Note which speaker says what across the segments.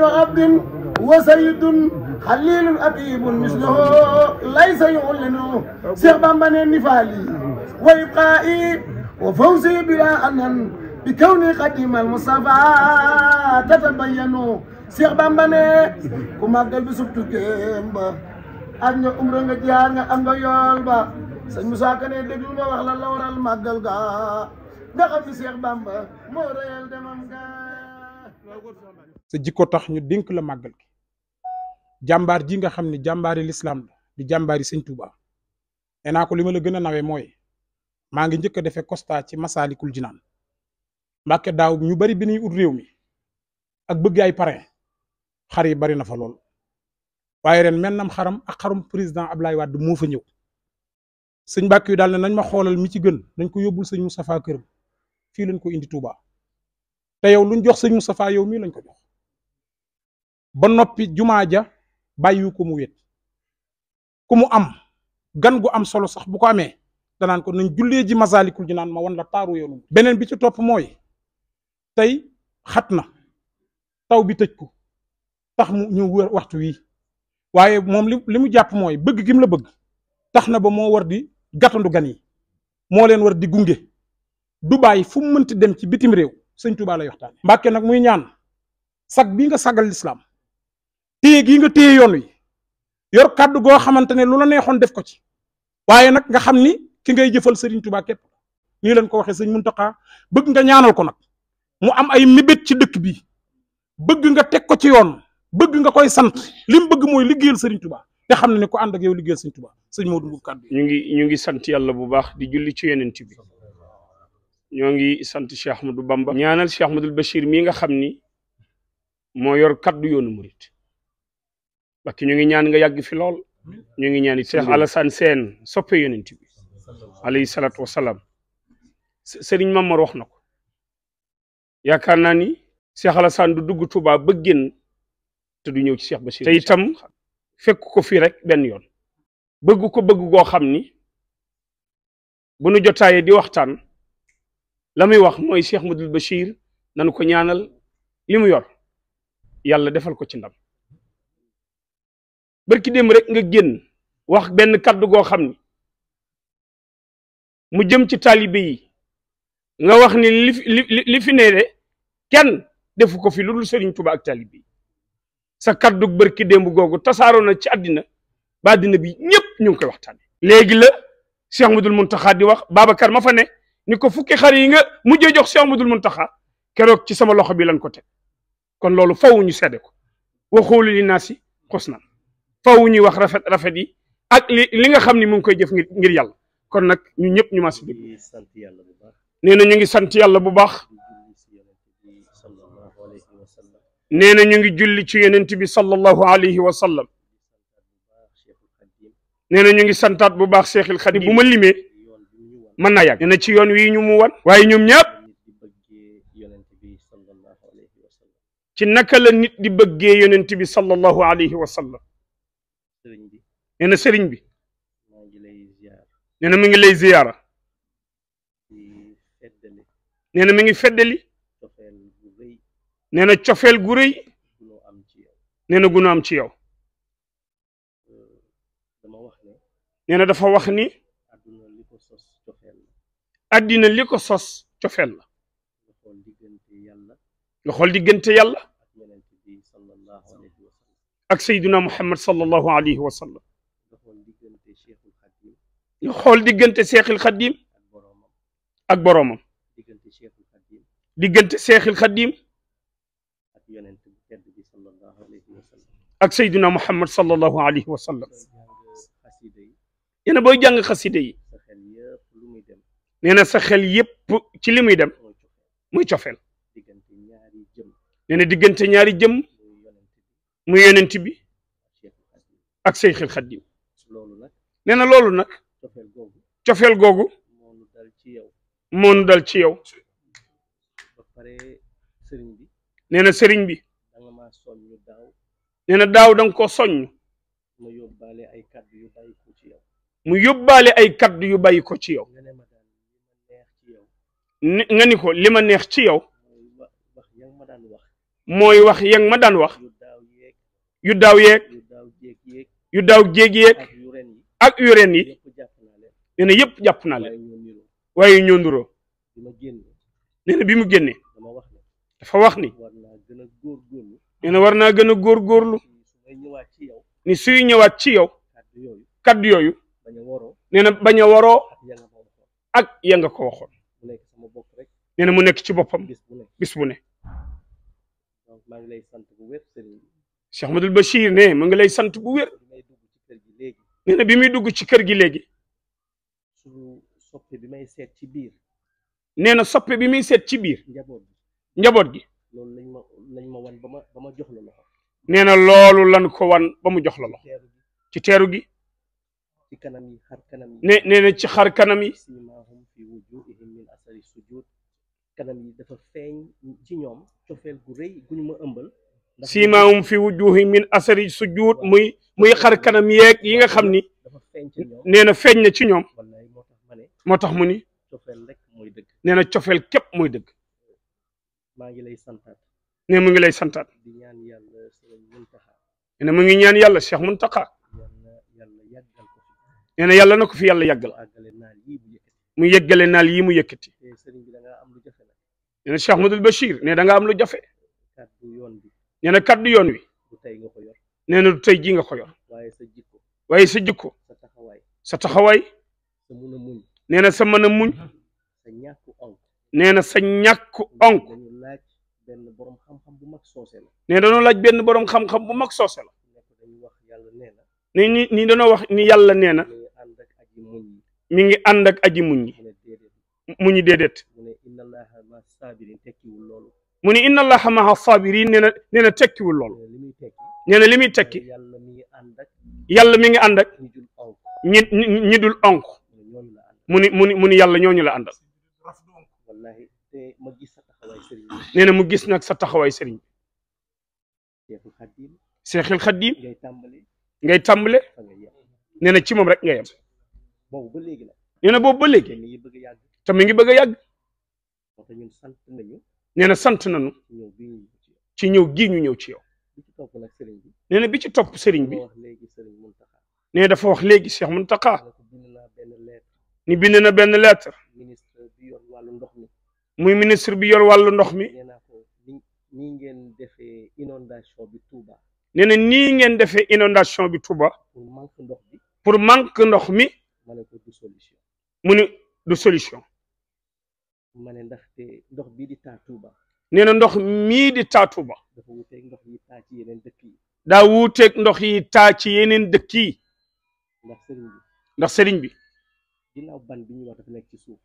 Speaker 1: غير عبد وسيد خليل أبيب مثله ليس يعلن سيغ بامبا نفالي وإبقائي وفوزي بلا
Speaker 2: أنن بكوني قديم المصطفى تتبين سيغ بامبا كما قال بسبتو جيمبا أن عمر nga jaar nga am nga yool ba sëñ Moussa Ka ne déglu ma wax la la waral màggal ga nga xam ni Seex Bamba moo reyal demam ga
Speaker 1: sa jikko tax ñu dénk la màggal gi jàmbaar ji nga xam ni jàmbaari lislaam la di jàmbaari sëñ Tuuba nee naa ko li ma la gën a nawe mooy maa ngi njëkk defee constat ci Masaalikul Jinaan Mbàkke daaw ñu bari bi ñuy ut réew mi ak bëgg ay parrain xar yi bari na fa lool waaye ren mennam xaram ak xarum président Ablaye Wade moo fa ñëw sëñ Mbàkke yu daal ne nañ ma xoolal mi ci gën nañ ko yóbbul sëñ Moustapha këram fii lañ ko indi Touba. te yow luñ jox sëñ Moustapha yow mii lañ ko jox ba noppi jumaa ja bàyyiwu ko mu wét ku mu am gan gu am solo sax bu ko amee danaan ko nañ jullee ji Masaalikul naan ma wan la taaru yoonu beneen bi ci topp mooy tey xat na taw bi tëj ko tax mu ñu waxtu wii waaye moom li li mu jàpp mooy bëgg gim la bëgg tax na ba moo war di gatandu gan yi moo leen war di gunge Dubaay fu mu mënti dem ci bitim réew sëñ Touba lay waxtaane Mbàkke nag muy ñaan sag bii nga sagal lislaam téye gii nga téye yoon wi yor kàddu goo xamante ne lu la neexoon def ko ci waaye nag nga xam ni ki ngay jëfal sëriñ Touba képp ni leen ko waxee sëñ Muntaxa bëgg nga ñaanal ko nag mu am ay mébét ci dëkk bi bëgg nga teg ko ci yoon bëgg nga koy sant lim bëgg mooy liggéeyal sëriñ Touba te xam ne ko ànd ak yow liggéeyal sëriñ Touba sañ Modou
Speaker 3: Mbour kàddu ñu ngi ñu ngi sant yàlla bu baax di julli ci yeneen bi ñoo ngi sant Cheikh Ahmadou Bamba ñaanal Cheikh Ahmadou Bachir mii nga xam ni moo yor kaddu yoonu murit bakki ñu ngi ñaan nga yàgg fi lool ñu ngi ñaan it Cheikh Alassane Sène soppe yonent bi alayhi salaatu wasalaam sëriñ Mamar wax na ko yaakaar naa ni Cheikh Alassane du dugg Touba ba génn te du ñëw ci Cheikh Bachir te itam fekk ko fii rek benn yoon bëgg ko bëgg goo xam ni bu nu jotaayee di waxtaan la muy wax mooy Cheikh Madul Bachir nanu ko ñaanal li mu yor yàlla defal ko ci ndam barki dem rek nga génn wax benn kaddu goo xam ni mu jëm ci taalibe yi nga wax ni li li li fi ne de kenn defu ko fi lu dul Sëriñ Tuba ak taalibe yi sa kaddu barki démb googu tasaaroo na ci àddina ba àddina bi ñëpp ñu ngi koy waxtaane léegi la Cheikh Madul Muntaxa di wax Babacar ma fa ne ni ko fukki xar yi nga mujjee jox Cheikh Amadou taxa keroog ci sama loxo bi lañ ko teg kon loolu faw ñu sede ko waxoolu li naa si xos na faw ñuy wax rafet rafet yi ak li li nga xam ni mu ngi koy jëf ngir ngir yàlla kon nag ñu ñëpp ñu ma si dégg nee na ñu ngi sant yàlla bu baax nee na ñu ngi julli ci yonent bi sallallahu alayhi wa sallam nee na ñu ngi santaat bu baax Seexil Xadim bu ma limee mën naa yàgg nee na ci yoon wi ñu mu wan waaye ñoom ñëpp ci naka la nit di bëggee yonent bi sallallahu alayhi wa sallam nee na sëriñ bi nee na mi ngi lay ziyaara nee na mi ngi feddali na cofeel gu rëy nee am ci yow dafa wax àddina li ko sos cofeel la nga xool diggante yàlla ak sayduna muhammad sallallahu alayhi wa sallam nga xool diggante seexil xaddiim ak boroomam diggante seexil xaddiim ak sayduna muhammad sallallahu alayhi wa sallam yéen booy jàng xasida yi nee na sa xel yépp ci li muy dem muy cofeel nee na diggante ñaari jëm muy yonent bi ak Seyxul Xadiim nee na loolu nag cofeel googu moo nu dal ci yow nee na sëriñ bi nee na daaw da nga koo soññ mu yóbbaale ay kadd yu bàyyi ko ci yow. nga ni li ma neex ci yow mooy wax yang ma daan wax yu daaw yeeg yu daaw jéeg yu ren yi nee na yëpp jàpp naa leen waaye ñoo nduroo nee bi mu génnee dafa wax ni nee na war naa gën a góor góorgóorlu ni suy ñëwaat ci yow kaddu yooyu nee na bañ a waroo ak ya nga ko waxoon nee na mu nekk ci boppam bis bu ne
Speaker 2: maa ngi lay sant bu wér Serigne
Speaker 3: Cheikh Madul Bachir ne mu ngi lay sant bu wér nee bi muy dugg ci kër gi léegi
Speaker 2: suñu soppe bi may seet ci biir
Speaker 3: nee na soppe bi muy seet ci biir njaboot gi njaboot gi
Speaker 2: loolu lañ ma lañ ma wan ba ma ba jox la
Speaker 3: na loolu lan ko wan ba mu jox la loxo ci teeru gi ci kanam yi kanam yi ci xar kanam yi
Speaker 2: kanam yi dafa ci ñoom cofeel gu rëy gu ñu ma ëmbal siimaawum fi
Speaker 3: wujuhi min asari sujud muy muy xar kanam yeeg yi nga xam ni nee na feeñ na ci ñoom moo tax mu ni nee na cofeel képp mooy dëgg
Speaker 2: maa ngi lay santaat
Speaker 3: ne mu ngi lay santaat nee na mu ngi ñaan yàlla Cheikh Muntaqa nee na yàlla na ko fi yàlla yàggal mu yeggale naal yi mu yëkkati nee na Cheikh Ahmadul Bachir ne da nga am lu jafe nee na kaddu yoon wi nee na du tey jii nga ko sa jikko sa taxawaay nee na sa mën a muñ nee na sa ñàkk onk nee dañoo laaj benn borom xam-xam bu mag soose la ni ni ni dañoo wax ni yàlla nee na mi ngi ànd ak aji muñ yi mu ñu déedéet mu ni inna allaha maha sabirin nee na nee na tekkiwul loolu nee na li muy tekki yàlla mi ngi ànd ak ñi ñi dul onk mu ni mu ni mu ni yàlla ñooñu la àndal nee na mu gis nag sa taxawaay sëriñ
Speaker 2: bi
Speaker 3: seexil xaddiim ngay tàmbale nee na ci moom rek nga yem nee na boobu ba léegi te ngi bëgg a yàgg nee na sant nañu ci ñëw gii ñu ñëw ci yow nee na bi ci topp sëriñ bi nee dafa wax léegi Cheikh Mountakha ni bind na benn lettre muy ministre bi yor wàllu ndox mi
Speaker 2: nii ngeen defee inondation bi Touba.
Speaker 3: nee na nii ngeen defee inondation bi Touba. pour
Speaker 2: manque ndox bi.
Speaker 3: pour manque ndox mi.
Speaker 2: mu ne solution.
Speaker 3: mu ne du solution.
Speaker 2: ma ne ndaxte
Speaker 3: ndox bii di taa Touba. nee na ndox mii di taa Touba. dafa wuuteeg ndox yi taa ci yeneen dëkk yi. ndox yi taa ci yeneen dëkk yi. ndax sëriñ bi. ndax sëriñ bi.
Speaker 2: gannaaw ban nekk ci suuf.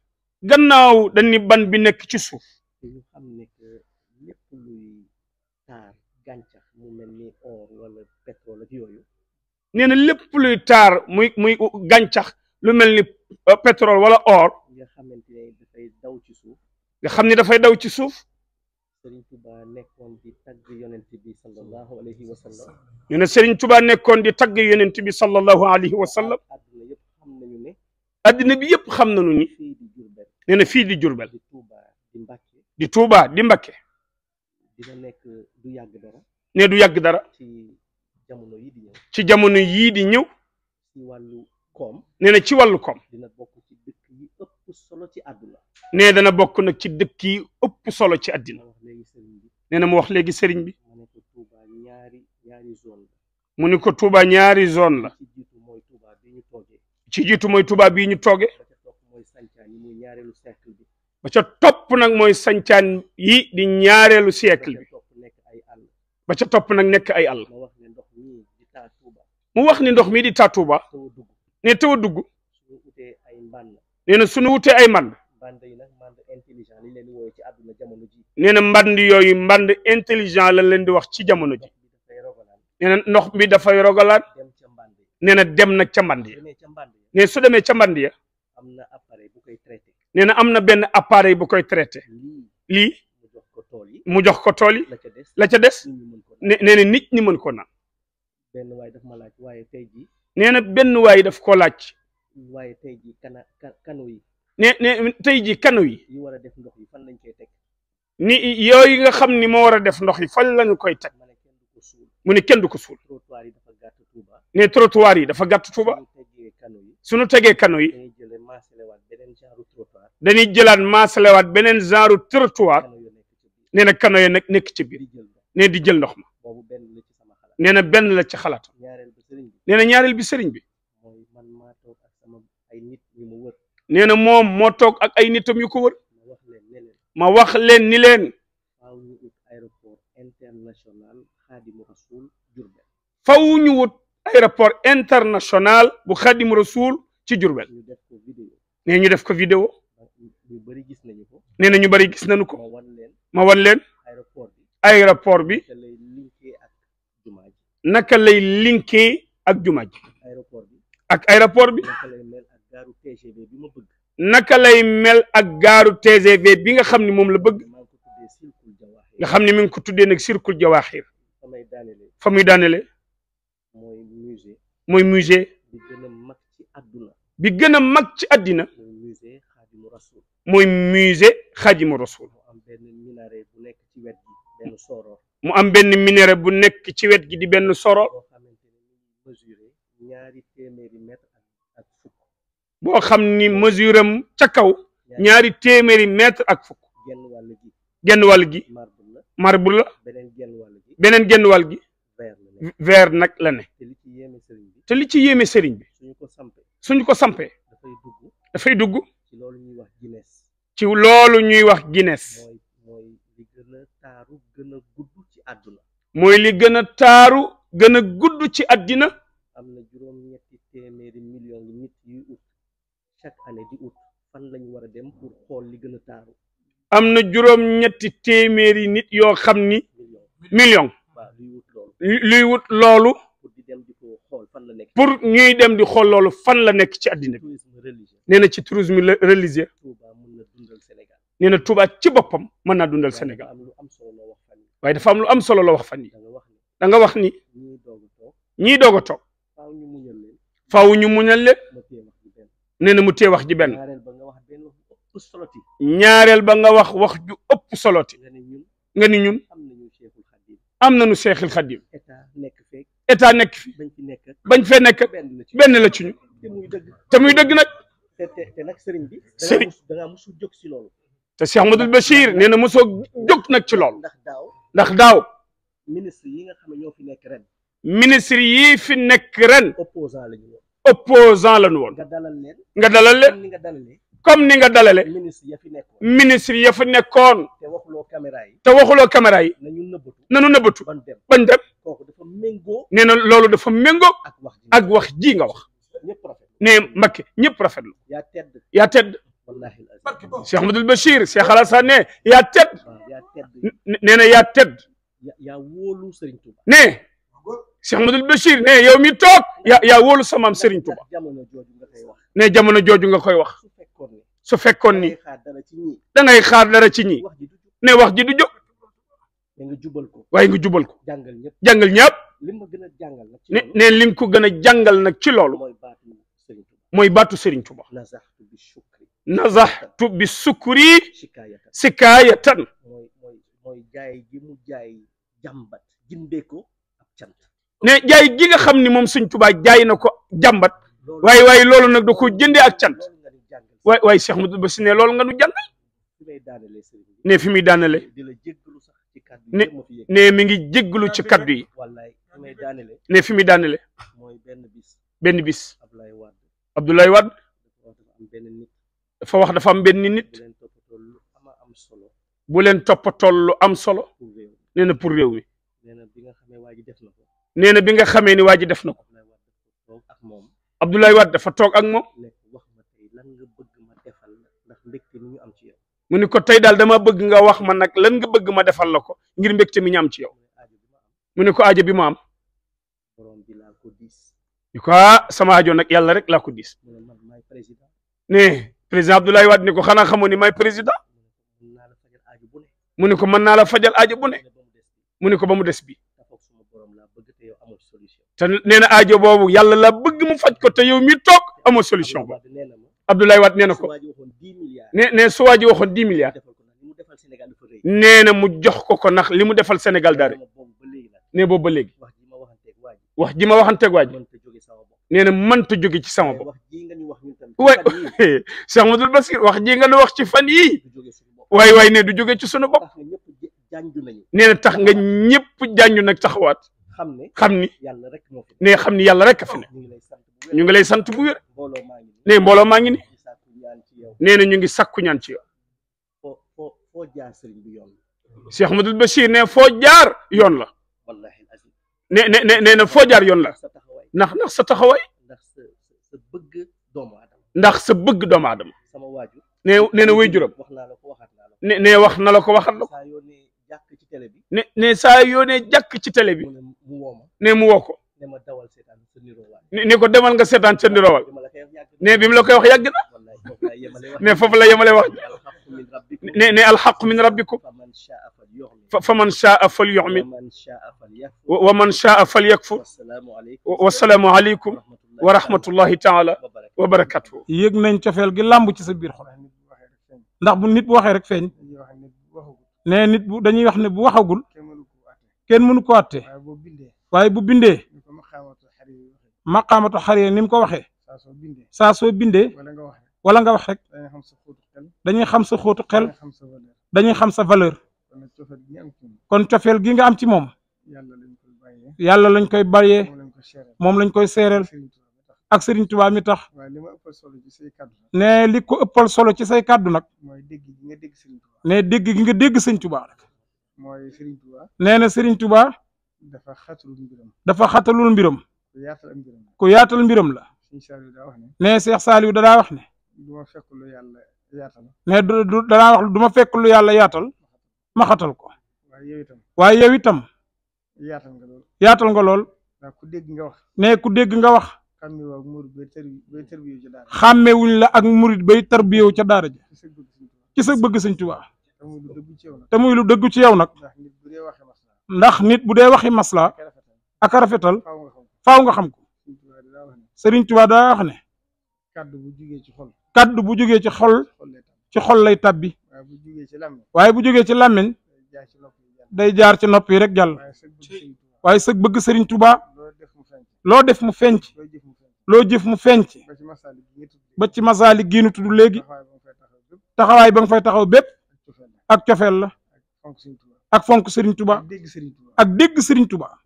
Speaker 3: gannaaw dañ ni ban bi nekk ci suuf.
Speaker 2: te xam ne que lépp luy taar gàncax mu mel ni or wala pétrole ak yooyu.
Speaker 3: lépp luy taar muy muy gàncax lu mel ni euh, pétrole wala or.
Speaker 2: dafay daw ci suuf. nga xam ni dafay daw ci suuf. Serigne Touba nekkoon di tagg yonent bi sallallahu alayhi wa sallam.
Speaker 3: ñu ne Serigne Touba nekkoon di tagg yonent bi sallallahu alayhi wa sallam. addina yëpp xam nañu ne. addina bi yëpp xam nañu ni. nee fii di Jurbel. di Touba di Mbakke.
Speaker 2: di di Mbakke. nekk du yàgg dara.
Speaker 3: ne du yàgg dara. ci jamono yii di ñëw. ci jamono yii di ñëw.
Speaker 2: ci wàllu koom.
Speaker 3: nee koom. dina nee dana bokk nag ci dëkk yi ëpp solo ci àddina nee na mu wax léegi sëriñ bi mu ni ko Touba ñaari zone la ci jiitu mooy Touba bii ñu tooge ba ca topp nag mooy sancaan yi di ñaareelu siècle bi ba ca topp nag nekk ay àll mu wax ni ndox mii di taa Touba ne taw a dugg nee na suñu wutee ay mbann nee na mband yooyu mband intelligent la leen di wax ci jamono ji nee na ndox mi dafay rogalaat nee na dem nag ca mband ya ne su demee ca mband ya nee na am na benn appareil bu koy traité lii mu jox ko tool yi la ca des nee na nit ñi mën ko naan nee na benn waay yi daf ko laaj
Speaker 2: waaye tey jii yi
Speaker 3: ne tey jii kanu yi
Speaker 2: yi war a def ndox yi fan lañ koy teg
Speaker 3: ni yooyu nga xam ni moo war a def ndox yi fan lañu koy teg mu ne kenn du ko suul ne trottoir yi dafa gàtt Touba suñu tegee kano yi dañuy jëlaat maasalewaat beneen genre trottoir nee na kano yi nag nekk ci biir ne di jël ndox ma nee na benn la ci xalaat nee na ñaareel bi sëriñ bi nee na moom moo toog ak ay nitam yu ko wër ma wax leen ni leen faaw ñu wut aéroport international xaadimu rasul Jurbel faaw ñu wut aéroport international bu xaadimu rasul ci Jurbel nee ñu def ko vidéo ñu bëri gis nañu ko nee na ñu bëri gis nañu ko ma wan leen aéroport bi naka lay linké ak jumaa ji ak aéroport bi naka lay mel ak gaaru TGV bi naka lay mel ak gaaru TGV bi nga xam ne moom la bëgg nga xam ne mi ngi ko tuddee nag circule jawaaxir fa muy daanele mooy musée bi gën mag ci àdduna bi gën a mag ci àddina mooy musée xaadimu rasul mu am benn minaret bu nekk ci wet gi di benn soro
Speaker 2: ñaari téeméeri mètre
Speaker 3: boo xam ni mesure am ca kaw ñaari téeméeri mètre ak fukk genn wàll gi marbre la beneen genn wàll gi veer nag la ne te li ci yéeme sëriñ bi suñ ko sampee dafay dugg ci loolu ñuy wax Guinness mooy li gën a taaru gën a gudd ci àddina am na juróom
Speaker 2: million chaque année di ut fan war a dem pour xool li gën a taaru
Speaker 3: am na juróom ñetti téeméeri nit yoo xam ni million luy wut loolu pour ñuy dem di xool loolu fan la nekk ci addina bi nee na ci tourisme religieux nee na Touba ci boppam mën naa dundal Sénégal waaye dafa am lu am solo la wax fan yi da nga wax ni ñii doog a toog faaw ñu muñal leen nee na mu tee wax ji benn ñaareel ba nga wax wax ju ëpp soloti nga ni ñun am nañu seexil xadim état nekk fi bañ fee nekk benn la ci ñu te muy dëgg nag
Speaker 2: te nag sëriñ bi da nga musu jóg ci loolu
Speaker 3: te Cheikh Ahmadou Bachir nee na mosoo jóg nag ci loolu ndax daaw
Speaker 2: ministre yi nga xam ne ñoo nekk ren
Speaker 3: ministre yii fi nekk ren
Speaker 2: opposant lañu
Speaker 3: opposant la ñu woon nga dalal leen nga dalal leen comme ni nga dalale ministre ya fi nekkoon ministre ya fi nekkoon
Speaker 2: waxuloo caméra yi
Speaker 3: te waxuloo caméra yi nañu nëbbatu nañu nëbbatu bañ dem bañ dem
Speaker 2: kooku dafa méngoo
Speaker 3: nee loolu dafa méngoo ak wax ji nga wax ñëpp rafet ne Mbacké ñëpp ya yaa tedd yaa tedd
Speaker 2: wallahi se
Speaker 3: Ahmadou Bachir Cheikh Alassane ne yaa tedd nee na yaa tedd
Speaker 2: yaa wóolu Serigne
Speaker 3: Touba Cheikh Ahmadul Bachir ne yow mi toog yaa yaa wóolu sa maam Serigne Touba ne jamono jooju nga koy wax su fekkoon ni da ngay xaar dara ci ñi ne wax ji du jóg waaye nga jubal ko jàngal ñëpp ne ne li nga ko gën a jàngal nag ci loolu mooy baatu Serigne Touba nazaxtu bi sukuri sikaayatan
Speaker 2: mooy jaay gi mu jaay jàmbat jëndee
Speaker 3: ne jaay gi nga xam ni moom sëñ Tuubaa jaay na ko jàmbat waaye waaye loolu nag da ko jëndee ak cant waay waaye Cheikh Mouhamadou Bachir ne loolu nga nu jàngal ne fi muy daanale ne ne mi ngi jéggalu ci kaddu yi ne fi muy daanale benn bis Abdoulaye Wade dafa wax dafa am benn nit bu leen toppatoo lu am solo nee na pour réew mi. nee na bi nga xamee ni waa def na ko Abdoulaye Wade dafa toog ak moom mu ni ko tey daal dama bëgg nga wax ma nag lan nga bëgg ma defal la ko ngir mbégte mi ñu am ci yow mu ne ko aajo bi ma am ñu ko ah sama aajo nag yàlla rek laa ko diis ne président Abdoulaye Wade ni ko xanaa xamoo ni may président mu ne ko mën naa la fajal aajo bu ne mu ne ko ba mu des bi te nee na aajo boobu yàlla la bëgg mu faj ko te yow mi toog amoo solution ba Abdoulaye Wade nee na ko ne ne su waa ji waxoon dix milliards nee na mu jox ko ko nax li mu defal Sénégal daal ne boobu ba léegi wax ji ma waxanteeg waa ji nee na mënta jóge ci sama bopp waay Cheikh Madul Basir wax ji nga nu wax ci fan yii waay waay ne du jóge ci sunu bopp nee na tax nga ñëpp jànju nag taxawaat
Speaker 2: xam ne xam ni yàlla rek moo fi ne
Speaker 3: xam ni yàlla rek a fi ne ñu ngi lay sant bu wér ne mbooloo maa ngi ni nee na ñu ngi sakku ñaan ci yow
Speaker 2: foo jaar sëriñ bi yoon la
Speaker 3: Cheikh Ahmadul Bachir ne foo jaar yoon la ne ne nee na foo jaar yoon la ndax ndax sa taxawaay ndax sa bëgg doomu aadama ndax sa bëgg doomu adama sama waajur ne nee na waajuram wax naa waxaat naa la ne wax na la ko waxat la ko ne saa yoo ci télé bi ne saa yoo bi ne mu woo ko ni ko demal nga seetaan ca niroowal ne bi mu la koy wax yàgg na ne foofu la yemale wax ne ne alxaqu min rabbikum fa man shaa fal yumin wa man shaa fal
Speaker 1: yakfur wasalaamu aleykum wa rahmatullahi taala wa barakatuhu yëg nañ cofeel gi làmb ci sa biir xol ndax bu nit bu waxee rek feeñ ne nit bu dañuy wax ne bu waxagul kenn mënu ko atte waaye bu bindee maqaamatu xariri ni mu ko waxee saa soo bindee wala nga wax rek dañuy xam sa xóotu xel dañuy xam sa valeur kon cofeel gi nga am ci moom yàlla lañ koy bàyyee moom lañ koy seereel ak Serigne Touba mi tax ne li ko ëppal solo ci say kàddu nag ne dégg gi nga dégg Serigne Touba. mooy Serigne Touba. nee na Serigne Touba. dafa xatalul mbiram. dafa xatalul mbiram. ku yaatal mbiram la. ku yaatal mbiram la. nee Cheikh Saliou danaa wax ne. du ma fekk
Speaker 2: lu yàlla
Speaker 1: yaatal. du ma fekk yàlla yaatal. ma xatal ko. waaye yow itam. waaye yow itam. yaatal nga lool. yaatal nga lool. nee ku dégg nga wax. nee ku dégg nga wax. xàmmewuñ la ak murit bay tarbiyewu ca daara ja. ci sa bëgg Sëñ Tuubaa. te muy lu dëgg ci yow nag ndax nit bu dee waxi maslaa ak rafetal faaw nga xam ko sëriñ Touba daa wax ne kaddu bu jugee ci xol kaddu bu jugee ci xol ci xol lay tabbi waaye bu jugee ci làmmiñ day jaar ci nopp yi rek jàll waaye sëg bëgg Serigne Touba loo def mu fenc loo jëf mu fenc ba ci masaali gi ñu tudd léegi taxawaay ba nga fay taxaw bépp. ak cofeel la ak fonk Serigne Touba ak dégg Serigne Touba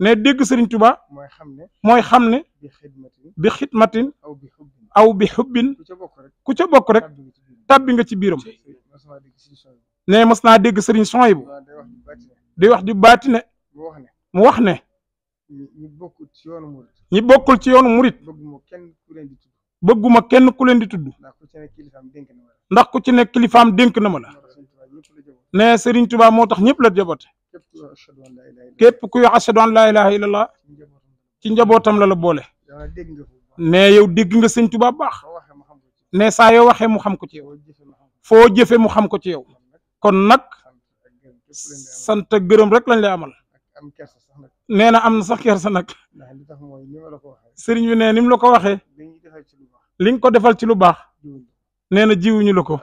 Speaker 2: ne dégg Serigne Touba
Speaker 1: mooy xam ne bi xidmatin aw bi xubbin ku ca bokk rek tàbbi nga ci biiram ne mas naa dégg Serigne Souhaïbou day wax di baati ne mu wax ne ñi bokkul ci yoonu murit bëgguma kenn ku leen di tudd. ndax ku ci nekk kilifaam dénk na ma la ne Serigne Touba moo tax ñëpp la jaboote képp kuy ashadu an laa ilaaha illallah ci njabootam la la boole ne yow dégg nga Serigne Touba baax nee saa yoo waxee mu xam ko ci yow foo jëfe mu xam ko ci yow kon nag sant gërëm rek lañ lay amal nee na am na sax kersa nag Serigne bi ne ni mu la ko waxee li nga ko defal ci lu baax. nee na jiwuñu la ko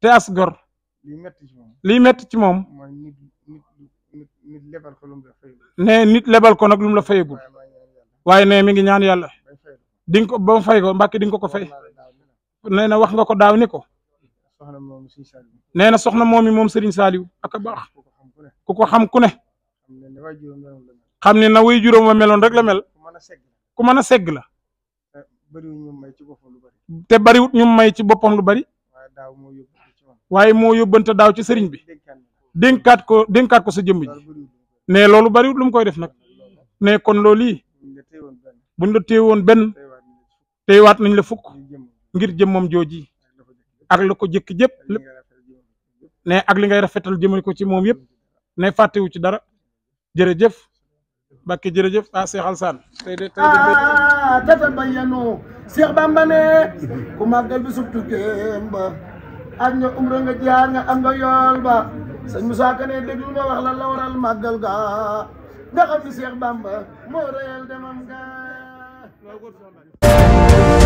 Speaker 1: te as gor liy metti ci moom nee nit lebal ko nag lu la fayagul waaye ne mi ngi ñaan yàlla di ko ba fay ko mbàkk di nga ko ko fay nee na wax nga ko daaw ni ko nee na soxna moom yi moom Serigne Saliou ak a baax ku ko xam ku ne xam ne na way juróom wa meloon rek la mel ku mën a segg la. bëriwul ñu may ci boppam te bariwut ñu may ci boppam lu bari waaye moo yóbbante daaw ci sëriñ bi dénkaat ko dénkaat ko sa jëmm ji ne loolu bariwut lu mu koy def nag ne kon loolu yi buñ la téewoon benn téewaat nañ la fukk ngir jëmmam jooji ak la ko jëkk jëpp lépp ne ak li ngay rafetal jëmale ko ci moom yëpp ne fàttewu ci dara jërëjëf Mbàkke jërëjëf ah Cheikh Alassane tey de tey de
Speaker 2: ah, tatabayanu Bamba ne ku màggal bi subtugeem ba ak nga umra nga jaar nga am nga yool ba sëñ ne déglu ma wax la waral màggal ga nga xam ni Cheikh Bamba moo reyal demam ga